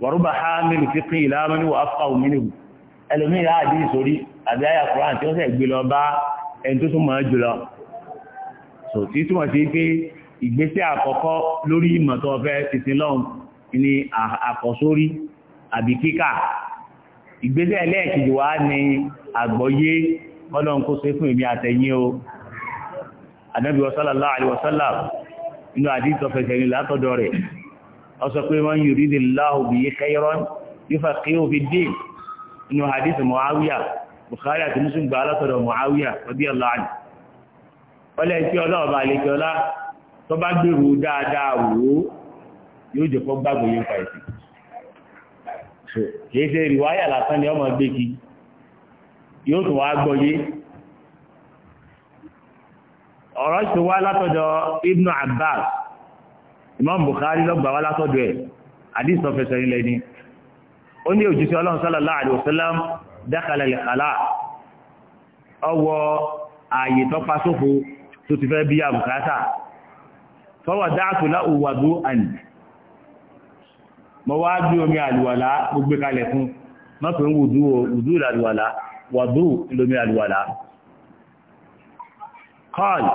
wàrúbà hamilu fi kí ìlàmọ́ni wà áfà òmìniru ẹlòmíra àdí ìsorí àbí àyà koran tí wọ́n sẹ̀ gbé lọ bá ẹni tó súnmọ́ jùlọ so tí túnmọ̀ sí pé ìgbésẹ̀ àkọ́kọ́ lórí ìmọ̀ tó fẹ́ títí lọ́hùn ni àkọ́sórí àbí kíkà ìgbésẹ̀ ẹlẹ́ẹ̀kejì wá ní àgbọ́yé ọlọ́run inú àdí ìtọ́fẹsẹ̀ rẹ̀ ọsọ pé man yuridillahu bihi khayran yufaqihu fid-din inú hadith Muawiya Bukhari àti Muslim gba alátọ̀dọ̀ Muawiya radiyallahu anhu ọlẹ́ tí ọlọ́ọ̀bà àlejò ọlá tó bá gbèrú dáadáa wò ó yóò jẹ́ kó gbàgbọ́ yóò fa Imam Bukhari lọ́gbà wá látọ̀dọ̀ ẹ̀ àdìsọ fẹsẹ̀ nílẹ̀ ni ó ní òjíṣẹ́ Ọlọ́run sallallahu alaihi wasallam dákàlẹ̀ lẹ́kàlá ọwọ́ ààyè tọ́pa sófo tó ti fẹ́ bí i àbùkátà fọwọ́ dáàtò láòwàdó àní mọ wá bí omi àlùwàlá gbogbo kalẹ̀ fún mọ́pẹ́ ń wùdú wùdú àlùwàlá wàdú lómi àlùwàlá kọ́ọ̀lù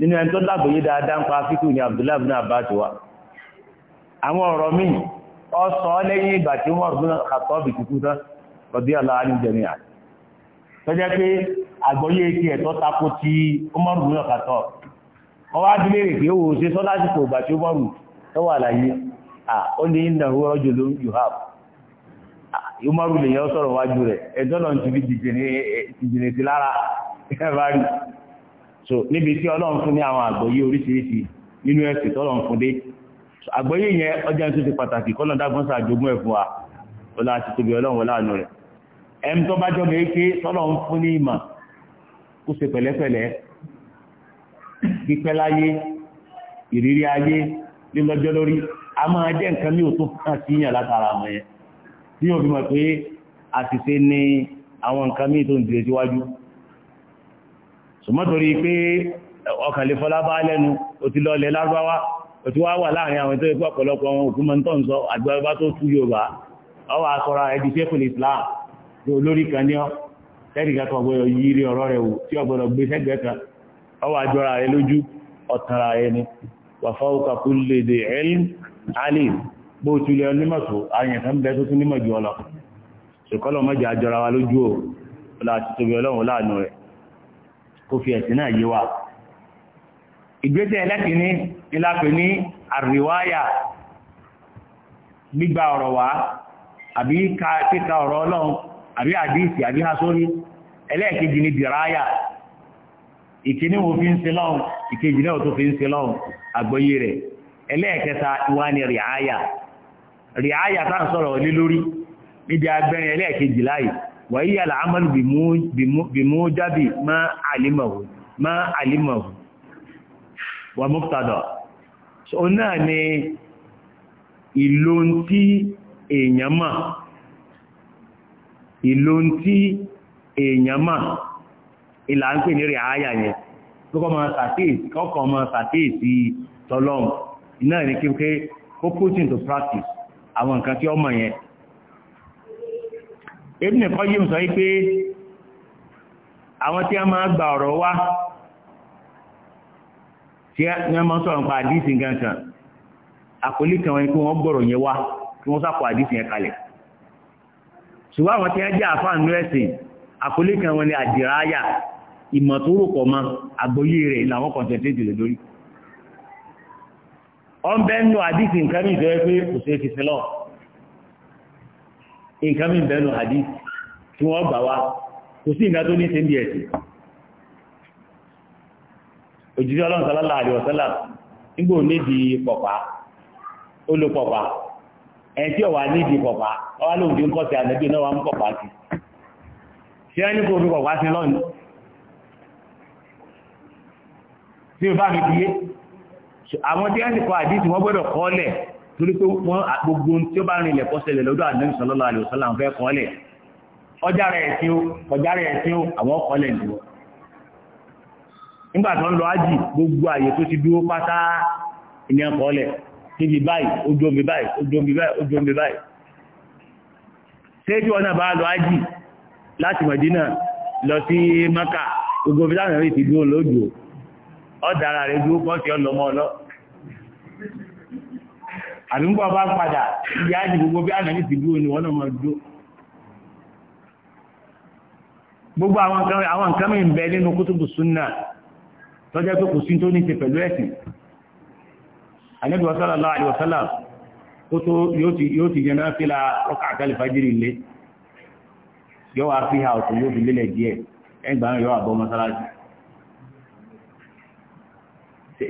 nínú ẹni tó lágbòye dáadáa ń pa fíkù ní Abdullahi bin Abbas wa àwọn ọ̀rọ̀ míì ọ sọ ọ́ lẹ́yìn ìgbà tí wọ́n rọ̀ àtọ́bì kúkú tán rọ̀bí aláàánú jẹ̀mí à tọ́jẹ́ pé àgbọ́yé ti ẹ̀tọ́ tako ti ọmọrù ní ọ̀kàtọ́ wọ́n wá dílé rè pé ó ṣe sọ lásìkò ìgbà tí ọmọrù tó wà láyé à ó ní ìnáwó ọjọ́ ló ń yù hà ọmọrù lèyàn sọ̀rọ̀ wájú rẹ̀ ẹ̀tọ́ náà ti fi jìjìnì sí lára ẹ̀fà so níbi tí ọlọ́run fún ní àwọn àgbọ́yé oríṣiríṣi nínú ẹ̀sìn tọ́lọ́run fún dé àgbọ́yé yẹn ọjọ́ tó ti pàtàkì kọ́lọ̀ dágbọ́n sàjogún ẹ̀ fún wa ọlá àti tóbi ọlọ́run láàánú rẹ̀ ẹm tó bá jọ́ méèké tọ́lọ́run fún ní ìmọ̀ kó ṣe pẹ̀lẹ́pẹ̀lẹ́ pípẹ́ láyé ìrírí ayé lílọ́jọ́ lórí a máa jẹ́ nǹkan ní òtún kan sí yàn látara àmọ́ yẹn tí yóò fi mọ̀ pé àṣìṣe ni àwọn nǹkan míì tó ń dìde síwájú ṣùgbọ́n torí pé ọkàlẹ̀ fọlá bá lẹ́nu o ti lọ lẹ̀ lárúbáwá o ti wá wà láàrin àwọn tó ikú ọ̀pọ̀lọpọ̀ wọn òkú mọ́ tó ń sọ àgbàbá tó tú yorùbá ọwọ́ akọra ẹbí sẹ́kùn islam tó lórí kan ní ọ tẹ́rì kan kan gbọ́dọ̀ yí rí ọ̀rọ̀ rẹ̀ wò tí wa lójú ò láti tóbi ọlọ́run láàánú rẹ̀ kó fi ẹ̀sìn náà yé wa ìgbésẹ̀ ẹlẹ́kìnní nílápè ní àríwáyà gbígba ọ̀rọ̀ wá àbí kíka ọ̀rọ̀ ọlọ́run àbí àdíìsì àbí hasórí ẹlẹ́ẹ̀kejì ní dìráyà ìkíní wo fi ń ṣe lọ́hùn ìkejì náà tó fi ń ṣe lọ́hùn àgbọ́yé rẹ̀ ẹlẹ́ẹ̀kẹta ìwà ni rìáyà rìáyà tá ń sọ̀rọ̀ lé lórí níbi abẹ́rin ẹlẹ́ẹ̀kejì láyìí wàyí àlàámọ́lù bìmú jábì má àlímọ̀wò má àlímọ̀wò wà mọ́pútàdọ̀ so náà ni ìlò tí èèyàn mọ̀ ìlò tí èèyàn mọ̀ ìlà ń pè ní rẹ̀ àáyà yẹn kọ́kọ́ máa sàkíyèsí kọ́kọ́ máa sàkíyèsí tọlọ́m náà ni kí Ibn Qayyim sọ wípé àwọn tí a máa gba ọ̀rọ̀ wá tí a máa sọ̀rọ̀ nípa àdísì gankan àkólí kan wọn ni kí wọ́n gbọ́rọ̀ yẹn wá kí wọ́n sàpọ̀ àdísì yẹn kalẹ̀ ṣùgbọ́n àwọn tí a jẹ́ àfáànú ẹ̀sìn àkólí kan wọn ni àdìráyà ìmọ̀ tó rò pọ̀ mọ́ àgbọ́yé rẹ̀ làwọn kọ̀ǹtẹ̀tẹ̀ lè lórí ọ̀nbẹ́nu àdísì nǹkan mìíràn pé kò nǹkan mi bẹ́ẹ̀ nù tí wọ́n gbà wá kò sí nǹkan tó ní ṣe ń bí ẹ̀sìn òjijì ọlọ́run sọlọ́lá àdìọ̀sọ́lá nígbò nídìí pọ̀pá ẹni tí ọwà nídìí pọ̀pá ọwá lóun ń kọ́ náà pọ̀pá sí ẹni kò fi pọ̀pá sí lọ́nà tí o bá mi àwọn torí pé wọ́n gbogbo tí ó bá rin ilẹ̀ pọ́sẹ̀lẹ̀ lọ́dọ̀ àdéhùn sọlọ́lá àlè òsọ́lá ń fẹ́ kọ́lẹ̀ ọjà rẹ̀ ẹ̀sìn ó ọjà rẹ̀ ẹ̀sìn ó àwọn kọ́lẹ̀ ní wọ́n. nígbà tó ń lọ ájì gbogbo àyè tó ti dúró pátá ìní ọkọ̀ọ́lẹ̀ níbi báyìí ó dúró mi báyìí ó dúró mi báyìí ó dúró mi báyìí. ṣé tí wọn náà bá lọ àmì ń bọ̀ bá padà ìyá àti gbogbo bí ànàbí ti dúró ni wọ́n náà máa dúró gbogbo àwọn nǹkan àwọn nǹkan mi ń bẹ nínú kútùbù súnà tọ́jọ́ pé kò sí tó ní ti pẹ̀lú ẹ̀sìn ànàbí sallallahu alaihi wasallam kó tó yóò ti jẹ náà fílà ọkà àkàlì fájìrì ilé yóò wá fi hà ọ̀tún yóò fi lélẹ̀ díẹ̀ ẹgbàá yóò àbọ̀ mọ́sálásí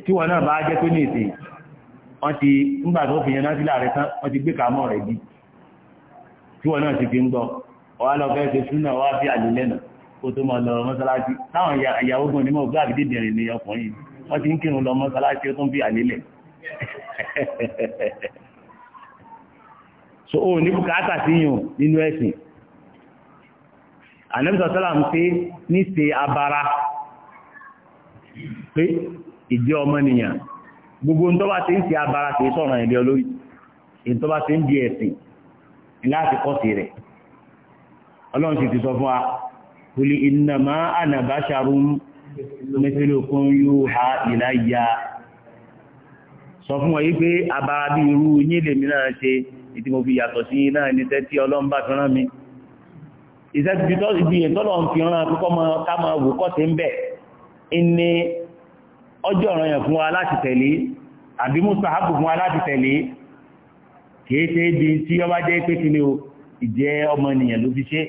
tí wọn náà bá jẹ́ pé ní ìsìn wọ́n ti ńgbà tó fi yan náà sílẹ̀ rẹ̀ tán wọ́n ti gbé kàmọ́ rẹ̀ bí tí wọ́n náà ti fi ń gbọ́ ọ̀wá lọ fẹ́ ṣe súnà wá sí àlélẹ́nà kó tó máa lọ mọ́sálásí táwọn ìyàwó gan ni mọ̀ gbá àbídé dẹ̀rìn ní ọkùnrin wọ́n ti ń kírun lọ mọ́sálásí ó tún bí àlélẹ̀ so o ní bùkátà sí yùn nínú ẹ̀sìn ànẹ́bìsọ̀ sọ́là pé ní ṣe abara pé ìjẹ́ ọmọnìyàn gbogbo ń tọ́ba ti ń ṣe abara kì í sọ̀rọ̀ ẹ̀dẹ́ olórí èyí tọ́ba ti ń di ẹ̀sìn láti kọ́sì rẹ̀ ọlọ́run sì ti sọ fún wa kuli innama ana basharun mithlukum yuha ilayya sọ fún wọn yí pé abara bí irú yín lèmi náà ṣe ìdí mo fi yàtọ̀ sí náà ní tẹ́tí ọlọ́run bá fi rán mi ti fi tọ́ ibi ìtọ́lọ̀ ń fi rán kíkọ́ mọ́ ká máa wò kọ́ sí ń bẹ̀ ní ọjọ́ ọ̀rọ̀ yẹn fún wa láti tẹ̀lé àbí mustahabu fún wa láti tẹ̀lé kìí ṣe é di tí ọba jẹ́ pé kí ni o ìjẹ́ ọmọ ènìyàn ló fi ṣe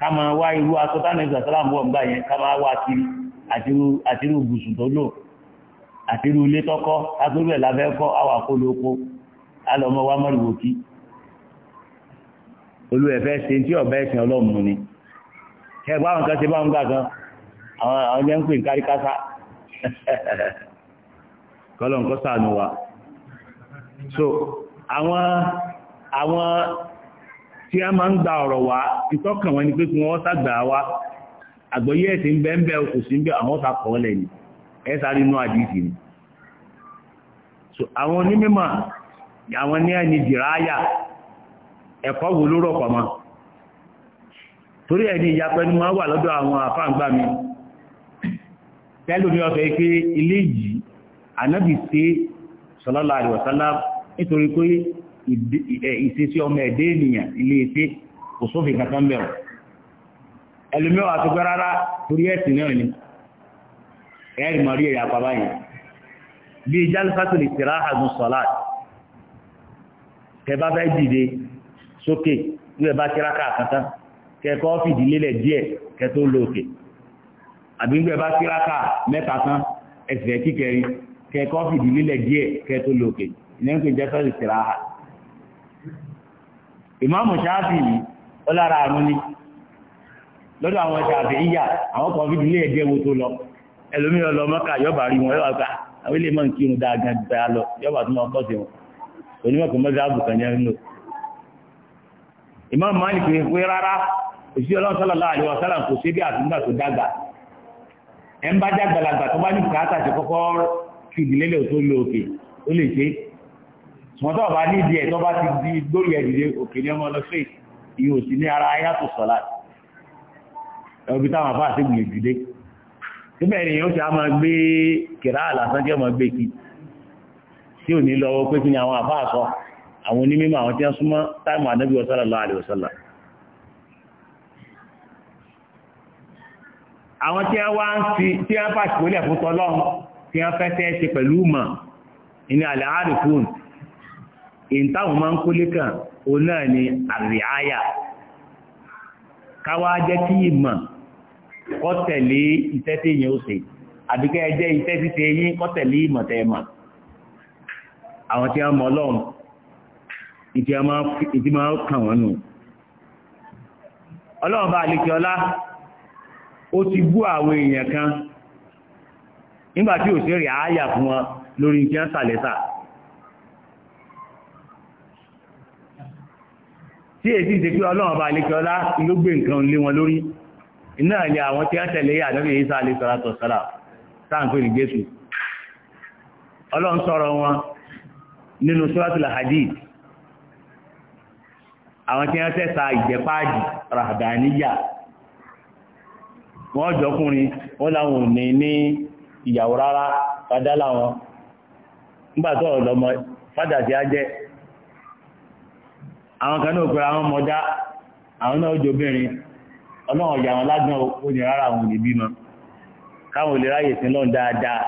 ká máa wá irú aṣọ táwọn ẹgbẹ́ àtọ́lá ń bọ̀ ń gbà yẹn ká máa wá kiri àti irú ibùsùn tó àwọn àkóló ń pè ń kárí kásá *laughs* kọ́lọ̀ nǹkan nụwa wa so àwọn àwọn tí a máa ń gba ọ̀rọ̀ wá ìtọ́kàn wọn ni pé kí wá àgbọ́yé ẹ̀sìn bẹ́ẹ̀bẹ́ kò sí bẹ́ẹ̀ àwọn ni inú ni so àwọn onímọ̀ àwọn ní ẹni dìráyà ẹ̀kọ́ wo pọ̀ mọ́ torí ẹni àwọn tẹ́lómi ọ̀fẹ́ pé ilé yìí ànábì ṣe sallallahu alaihi wasallam nítorí pé ìṣesí ọmọ ẹ̀dẹ́ ènìyàn ilé ṣe kò sófin kankan bẹ̀rù ẹlòmí ọ̀ àti torí ẹ̀sìn náà ni ẹ̀rì mọ̀rí ẹ̀rì àpapá yẹn bí jálùfáàtì lè tẹ̀rá àgùn sọ̀lá tẹ bá fẹ́ dìde sókè bí ẹ bá tẹ́ráka àkàntán kẹ́kọ́ àbígbẹ́ bá tíráka mẹ́ta tán ẹ̀sẹ̀ kíkẹrin kẹ kọ́fì ìdílílẹ̀ díẹ̀ kẹ tó lòkè ìlẹ́nkùn jẹ́sọ́ ìtìráhà ìmáàmù ṣáàfì yìí ó lára àrùn ni lọ́dọ̀ àwọn ṣáàfì yíyà àwọn kọ́fì ìdílé ẹ̀dẹ́ wo tó lọ ẹlòmí lọ mọ́kà yọba rí wọn yọba àwọn ilé mọ́ kírun dáadáa gbà lọ yọba tó máa kọ́sì wọn onímọ̀ ẹ̀ ń bá já gbalagbà tó bá ní bùkátà ṣe kọ́kọ́ kí ìdílé lè tó lo òkè ó lè ṣe ṣùgbọ́n tó bá ní ìdí ẹ̀ tó bá ti di gbórí ẹ̀ dìde òkè ní ọmọ lọ sí ìyẹn ò sí ní ara ayáàtò sọ̀lá ẹ̀rọ̀bí táwọn afá àti gbìyànjú dé síbẹ̀ ni yóò ṣe á máa gbé kìrá àlàsán tí ó máa gbé kí tí ò ní lọ́wọ́ pé kí ni àwọn afá àsọ àwọn onímọ̀ àwọn tí wọ́n súnmọ́ táìmù ànábì sallallahu àwọn tí wọ́n wá ń fi tí wọ́n fà sípòlẹ̀ fún tọ́lọ́run tí wọ́n fẹ́ tẹ́ ṣe pẹ̀lú mọ̀ ní alẹ́ àrífún ìntàwọn máa ń kólé kan òun náà ni àríáyà káwá jẹ́ kí ìmọ̀ kó tẹ̀lé iṣẹ́ tí yẹn ó ṣe àbíkẹ́ ẹ jẹ́ iṣẹ́ títẹ yín kó tẹ̀lé ìmọ̀ tẹ́ mọ̀ àwọn tí wọ́n mọ̀ ọlọ́run ìdí máa kàn wọ́n nù ọlọ́run bá àlejò ọlá ó ti bú àwọn èèyàn kan nígbàtí ò sí rí àáyà fún wọn lórí ìjẹ́ sàlẹ́sà tí èsì ìṣe kí ọlọ́run bá lè kíọ́lá ló gbé nǹkan lé wọn lórí iná ni àwọn tí wọ́n tẹ̀lé àdọ́bí èyí sáà lè sọ́ra tọ̀ sọ́ra sáàǹkó ní Jésù ọlọ́run sọ̀rọ̀ wọn nínú suratul Hadid àwọn tí wọ́n ìjẹ́páàdì wọ́n jọkùnrin wọ́n láwọn òní ní ìyàwó rárá padà láwọn nígbàtọ̀ ọ̀lọ́mọ fádà tí a jẹ́ àwọn kan náà pẹ̀lú àwọn ọmọdá àwọn náà jọbìnrin ọlọ́run ọ̀yà lágbọ́n ó rárá dáadáa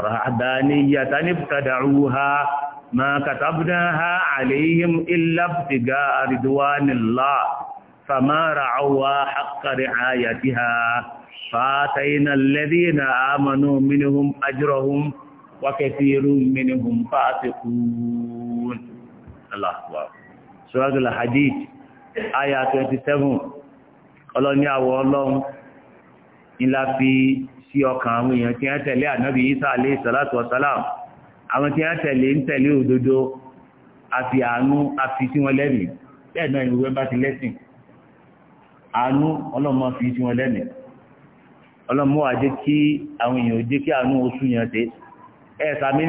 رهبانية ابتدعوها ما كتبناها عليهم إلا ابتغاء رضوان الله فما رعوا حق رعايتها فآتينا الذين آمنوا منهم أجرهم وكثير منهم فاسقون الله أكبر سورة الحديث آية 27 قالوا يا الله إلا في sí ọkàn àwọn èèyàn tí wọ́n tẹ̀lé ànábì isa alayhi salatu wa salam àwọn tí wọ́n tẹ̀lé ń tẹ̀lé òdodo àfi àánú àfi tí wọ́n lẹ́mìí bẹ́ẹ̀ náà ìwé bá ti lẹ́sìn àánú ọlọ́mọ fi tí wọ́n lẹ́mìí ọlọ́mọ wà jẹ́ kí àwọn èèyàn ò jẹ́ kí àánú oṣù yẹn ṣe ẹ̀ sàmì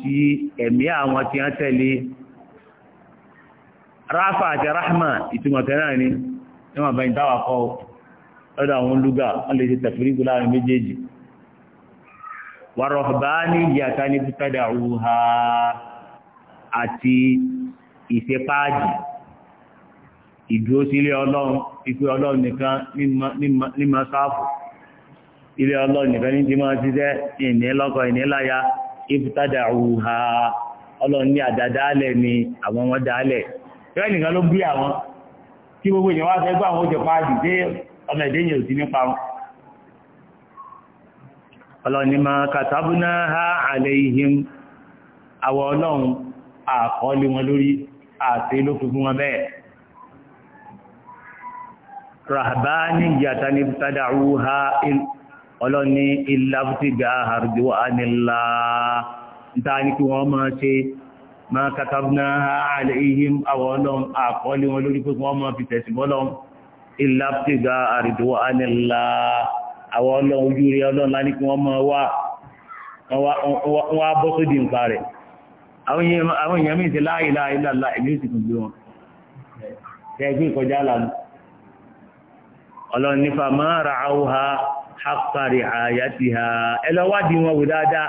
sí ẹ̀mí àwọn Rafa àti ráhmà ìtumọ̀tẹ̀ náà ni ẹmà bá ìdáwà kọ́ lọ́dọ̀ àwọn lúgà wọ́n lè tẹ̀fìrígù láàrin méjèèjì wà rọ̀bá ní ìyàtá ní pítàdà òhà àti ìṣepáàjì ìdúró ilé ọlọ́run ìpé ọlọ́run nìkan ní ma rẹ́ nìkan ló bí àwọn tí gbogbo èèyàn wá fẹ́ gbọ́ àwọn oúnjẹ páàdì dé ọmọ ẹ̀dẹ́ yẹn ò sí nípa wọn ọlọ́ni ma kàtàbùná ha àlẹ́ ihim àwọ ọlọ́run àkọọ́lé wọn lórí àti ló fi fún wọn bẹ́ẹ̀ rahbani yàtà ní tàdàrú ha ọlọ́ni ilá fúti ga àrùjọ anìlá ní kí wọ́n máa ṣe máa katabna alayhim àwọn ọlọ́run àkọọ́lẹ̀ wọn lórí pé wọ́n máa fi tẹ̀sí bọ́lọ́run illa ibtiga ridwanillah àwọn ọlọ́run ojú rí ọlọ́run lá ní kí wọ́n máa wá wọ́n á bọ́ sódì nǹkan rẹ̀ àwọn èèyàn mìí ti la ilaha illallah ìlú ìsìnkú gbé wọn tẹ́gbé ìkọjá lánàá ọlọ́run nífà máa ra'awha haqqa ri'ayatiha ẹlọ́wádìí wọn wò dáadáa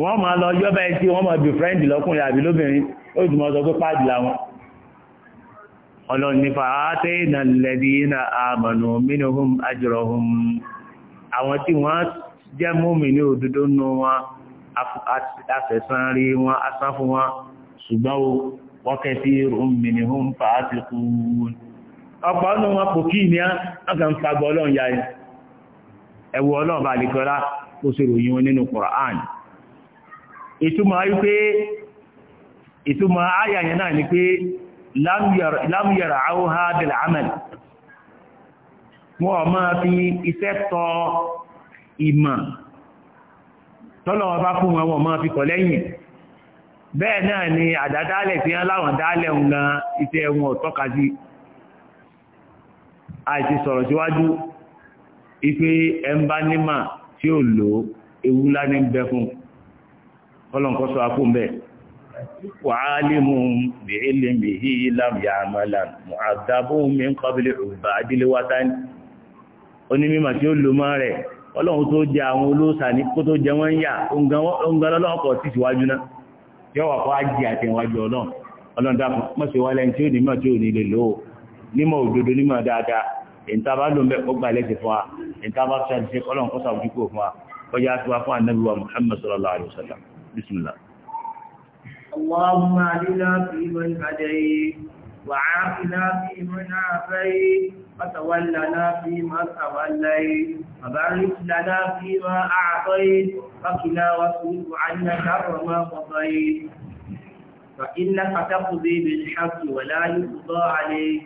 wọ́n máa lọ yọ́ báyìí tí wọ́n máa bí fẹ́ǹdì lọ́kùnrin àbí lóbìnrin ó sì máa sọ pé páàdì làwọn ọlọ́nifà àátẹ́ ìnà lẹ́bí ìnà àmànà mínúhùn ajírọ̀hùn àwọn tí wọ́n jẹ́ múmi ní òdodo nù wọn afẹ́sán rí wọn asán fún wọn ṣùgbọ́n wọ́n kẹfí rùn mínúhùn fàátì kúrún ọ̀pọ̀ ọ̀nà wọn kò ìtumọ̀ wípé ìtumọ̀ ayà yẹn náà ni pé lámúyàrá áwọ́há bẹ̀rẹ̀ àmàlì wọ́n máa fi iṣẹ́ tọ ìmọ̀ tọ́lọ̀ ọba fún wọn wọ́n máa fi kọ̀ lẹ́yìn bẹ́ẹ̀ náà ni àdádálẹ̀ tí wọ́n láwọn dálẹ̀ ń gan iṣẹ́ wọn ọ̀tọ́ka sí àìsí sọ̀rọ̀ síwájú ipe ẹ̀ńbánímà tí ó lò ewu ní bẹ fún kọ́lọ̀nkọ́ sọ akó mbẹ́ wàálìmù bí ilmi hí lam ya amala mu'adabu min qabli ọba adílewátá ní onímọ̀ tí ó lò mọ́ rẹ̀ ọlọ́run tó jẹ àwọn olóòsà ní kó tó jẹ wọ́n ń yà ọ̀nganlọ́lọ́kọ̀ sí síwájú náà yọ́ wà kọ́ ájì àtẹ̀wájú ọlọ́run ọlọ́run dákun mọ́sí wálé tí ó nímọ̀ tí ò ní lè lò ó nímọ̀ òdodo nímọ̀ fún wa kọjá sí wa fún ànábì wa Muhammad sallallahu بسم الله اللهم في فيمن هديت وعافنا فيمن عافيت وتولنا من توليت وبارك لنا فيما اعطيت وقنا واصرف عنا شر ما قضيت فانك تقضي بالحق ولا يقضى عليك